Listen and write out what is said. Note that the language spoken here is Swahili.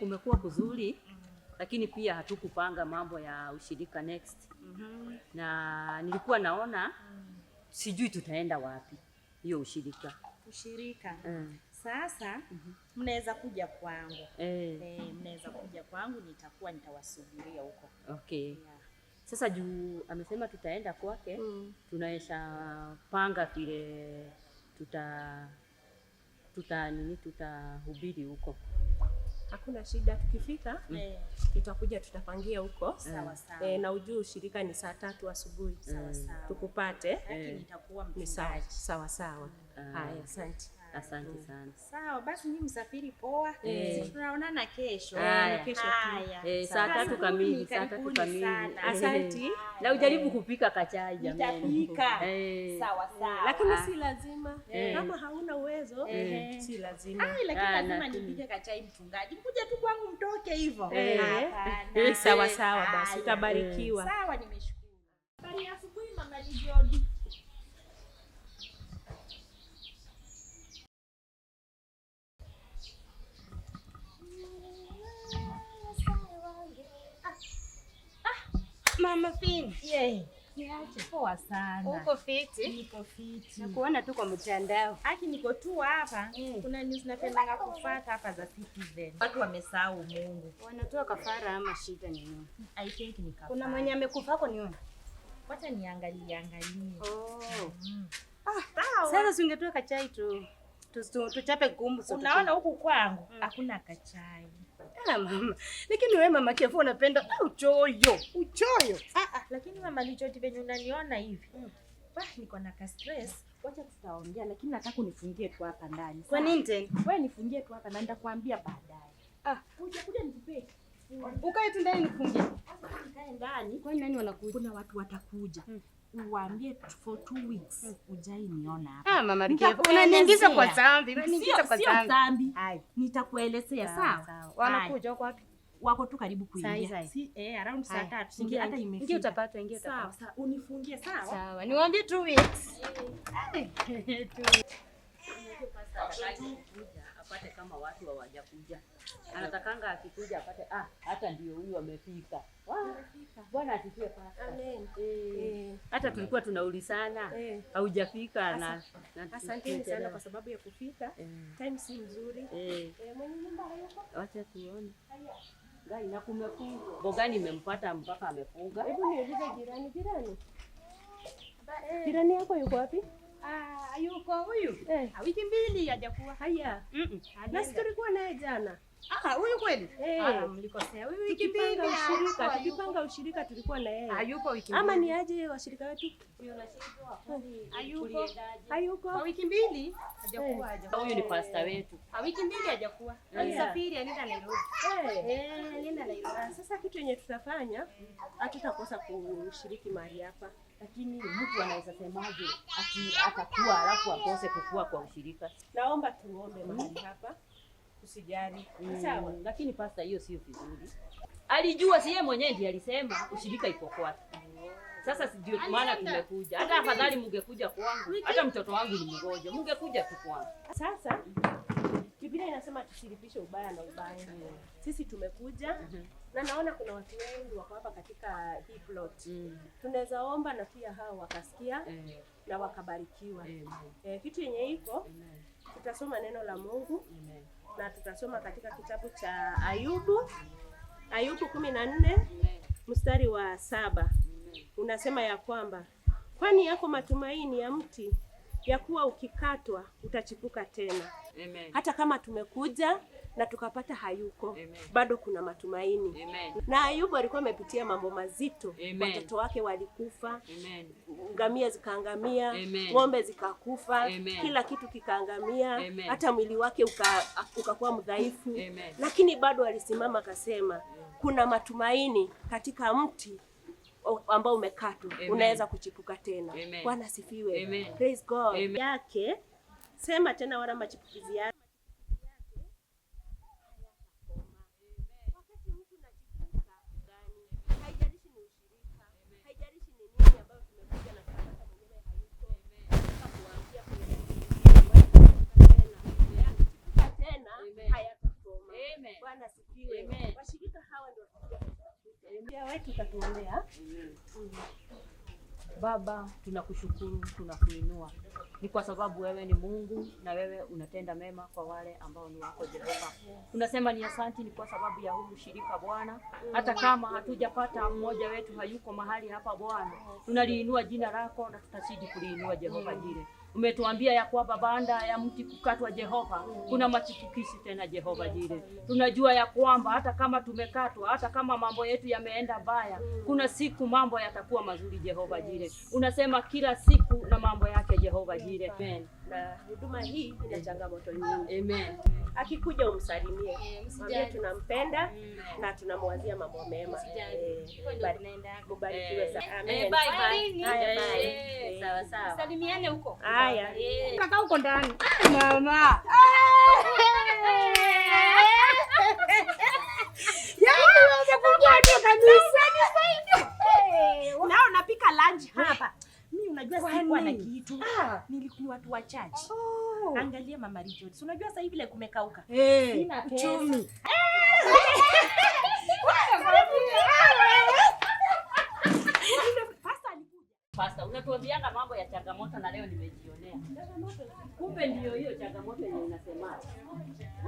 kumekuwa kuzuri Lakini pia hatukupanga mambo ya ushirika next mm -hmm. Na nilikuwa naona mm Sijui tutaenda wapi hiyo ushirika ushirika mm. Sasa mhm. mnaweza kuja kwangu eh. Eh, mnaweza kuja kwangu, nitakuwa nitawasubiria huko okay. Yeah. Sasa juu amesema tutaenda kwake mm. tunaesha panga vile tuta tuta nini tutahubiri huko Hakuna shida, tukifika mm. Eh, tutakuja tutapangia huko sawa sawa. E, na ujuu ushirika ni saa tatu asubuhi mm. tukupate sawa sawa. Mm. Haya, asante. Asante mm. sana. Sawa, basi nyinyi msafiri poa. Eh. Tunaonana kesho. Kesho. Eh, saa tatu kamili, saa tatu kamili. Eh. Asante. Na ujaribu kupika kachai jamani. Nitapika. Eh. Sawa sawa. Lakini ah. si lazima. Kama hauna uwezo, si lazima. Ah, lakini lazima nipike kachai mchungaji. Mkuja tu kwangu mtoke hivyo. Sawa sawa basi utabarikiwa. Sawa, nimeshukuru. Habari asubuhi Mama Jodi. Mama Finzi. Yeah. Niache poa sana. Uko fiti? Niko fiti. Nakuona tu kwa mtandao. Aki niko tu hapa. Mm. Kuna news napendanga kufuata hapa za Citizen. Watu wamesahau Mungu. Wanatoa kafara ama shida ni nini? I think ni kafara. Kuna mwenye amekufa hapo niona. Wacha niangalie angalie. Oh. Mm. Ah, sawa. Sasa si kachai tu. Tuchape gumbu sote. Unaona huku kwangu mm. hakuna kachai. Ah, mama. Lakini wewe mama Kefu unapenda ah, uchoyo. Uchoyo. Ah ah, lakini mama Lichoti venye unaniona hivi. Mm. Bah, niko na ka stress. Wacha tutaongea lakini nataka unifungie tu hapa ndani. Kwa nini tena? Wewe nifungie tu hapa na nitakwambia baadaye. Ah, kuja kuja nikupee. Ukae tu ndani nifungie. Kwa nini wanakuja? Kuna watu watakuja. Hmm. Uwaambie for two weeks hmm. Ujai niona hapa. Ah, mama Rikia, unaniingiza kwa dhambi. Unaniingiza kwa dhambi. Nitakuelezea sawa. Wanakuja huko wapi? Wako tu karibu kuingia. Si eh, around saa 3. Ingia hata imefika. Ingia utapata, ingia utapata. Sawa, sawa. Unifungie sawa? Sawa. Niwaambie two weeks. Hey. Hey. apate kama watu hawajakuja. Anatakanga akikuja apate ah, hata ndio huyu amefika. Bwana atikie pasta. Amen. Eh, eh. hata tulikuwa tunauli tunaulizana eh. haujafika na asanteni sana kwa sababu ya kufika. Eh. Time si nzuri. Eh, mwenye nyumba hayuko. Acha tuone. Gai na kumefunga. Bogani imempata mpaka amefunga. Hebu niulize jirani jirani. Jirani yako yuko wapi? Ah, yuko huyu eh. Ah, wiki mbili hajakuwa haya. Mm -mm. Na tulikuwa naye jana Ah, huyu kweli eh. Ah, mlikosea. Wewe Tukipanga ushirika ushirika tulikuwa na yeye, wiki ama ni aje washirika wetu? Ah, Hayuko wiki mbili, eh. hajakuwa huyu ni pasta wetu. Wiki mbili hajakuwa, eh. alisafiri anaenda Nairobi. Eh, Anaenda Nairobi. Ah, sasa kitu yenye tutafanya, hatutakosa kushiriki mahali hapa lakini mtu anaweza semaje, atakuwa alafu akose kukua kwa ushirika? Naomba tuombe mahali hapa usijali mm. Sawa, lakini pasta, hiyo sio vizuri. Alijua si yeye mwenyewe ndiye alisema ushirika iko kwake. Sasa ndio maana tumekuja. Hata afadhali mungekuja kwangu, hata mtoto wangu ni mgonjwa, mungekuja tu kwangu. Sasa Biblia inasema tusilipishe ubaya na ubaya. Sisi tumekuja mm -hmm. na naona kuna watu wengi wako hapa katika hii plot mm. tunaweza omba na pia hao wakasikia mm. na wakabarikiwa. Eh, kitu yenye iko tutasoma neno la Mungu mm na tutasoma katika kitabu cha Ayubu, Ayubu kumi na nne mstari wa saba unasema ya kwamba kwani yako matumaini ya mti ya kuwa ukikatwa utachipuka tena. Amen. Hata kama tumekuja na tukapata hayuko, Amen. Bado kuna matumaini. Amen. Na Ayubu alikuwa amepitia mambo mazito, watoto wake walikufa, Amen. Ngamia zikaangamia, ng'ombe zikakufa, Amen. Kila kitu kikaangamia, Amen. Hata mwili wake ukakuwa uka mdhaifu, lakini bado alisimama akasema, kuna matumaini katika mti ambao umekatwa unaweza kuchipuka tena. Bwana sifiwe. Praise God. Amen. Yake sema tena wala machipukizi yake Bwana sifiwe. Washirika hawa ndio Mja wetu utatuombea. Mm. Baba, tunakushukuru, tunakuinua, ni kwa sababu wewe ni Mungu na wewe unatenda mema kwa wale ambao ni wako Jehova. Tunasema ni asanti, ni kwa sababu ya huu shirika Bwana, hata kama hatujapata mmoja wetu hayuko mahali hapa Bwana, tunaliinua jina lako na tutazidi kuliinua Jehova jile umetuambia ya kwamba baada ya mti kukatwa, Jehova, kuna machipukizi tena Jehova Jire. Tunajua ya kwamba hata kama tumekatwa, hata kama mambo yetu yameenda baya, kuna siku mambo yatakuwa mazuri Jehova Jire. Unasema kila siku na mambo yake Jehova Jire. Amen. Na huduma hii ina changamoto nyingi. Amen. Akikuja umsalimie, mwambie tunampenda mm. na tunamwazia mambo mema. Eh, sana. Eh. Amen. Eh, bye bye. Bye bye. Sawa Salimiane huko. Haya. Kaka eh. huko ndani. Mama. Nao napika lunch hapa. Mimi unajua sikuwa na kitu. Ah. Nilikuwa watu wachache. Oh. Angalia Mama Richard. Unajua sasa hivi like kumekauka. Eh. Sina pesa. natuambianga mambo ya changamoto na leo nimejionea. Kumbe ndio hiyo changamoto yenye unasema.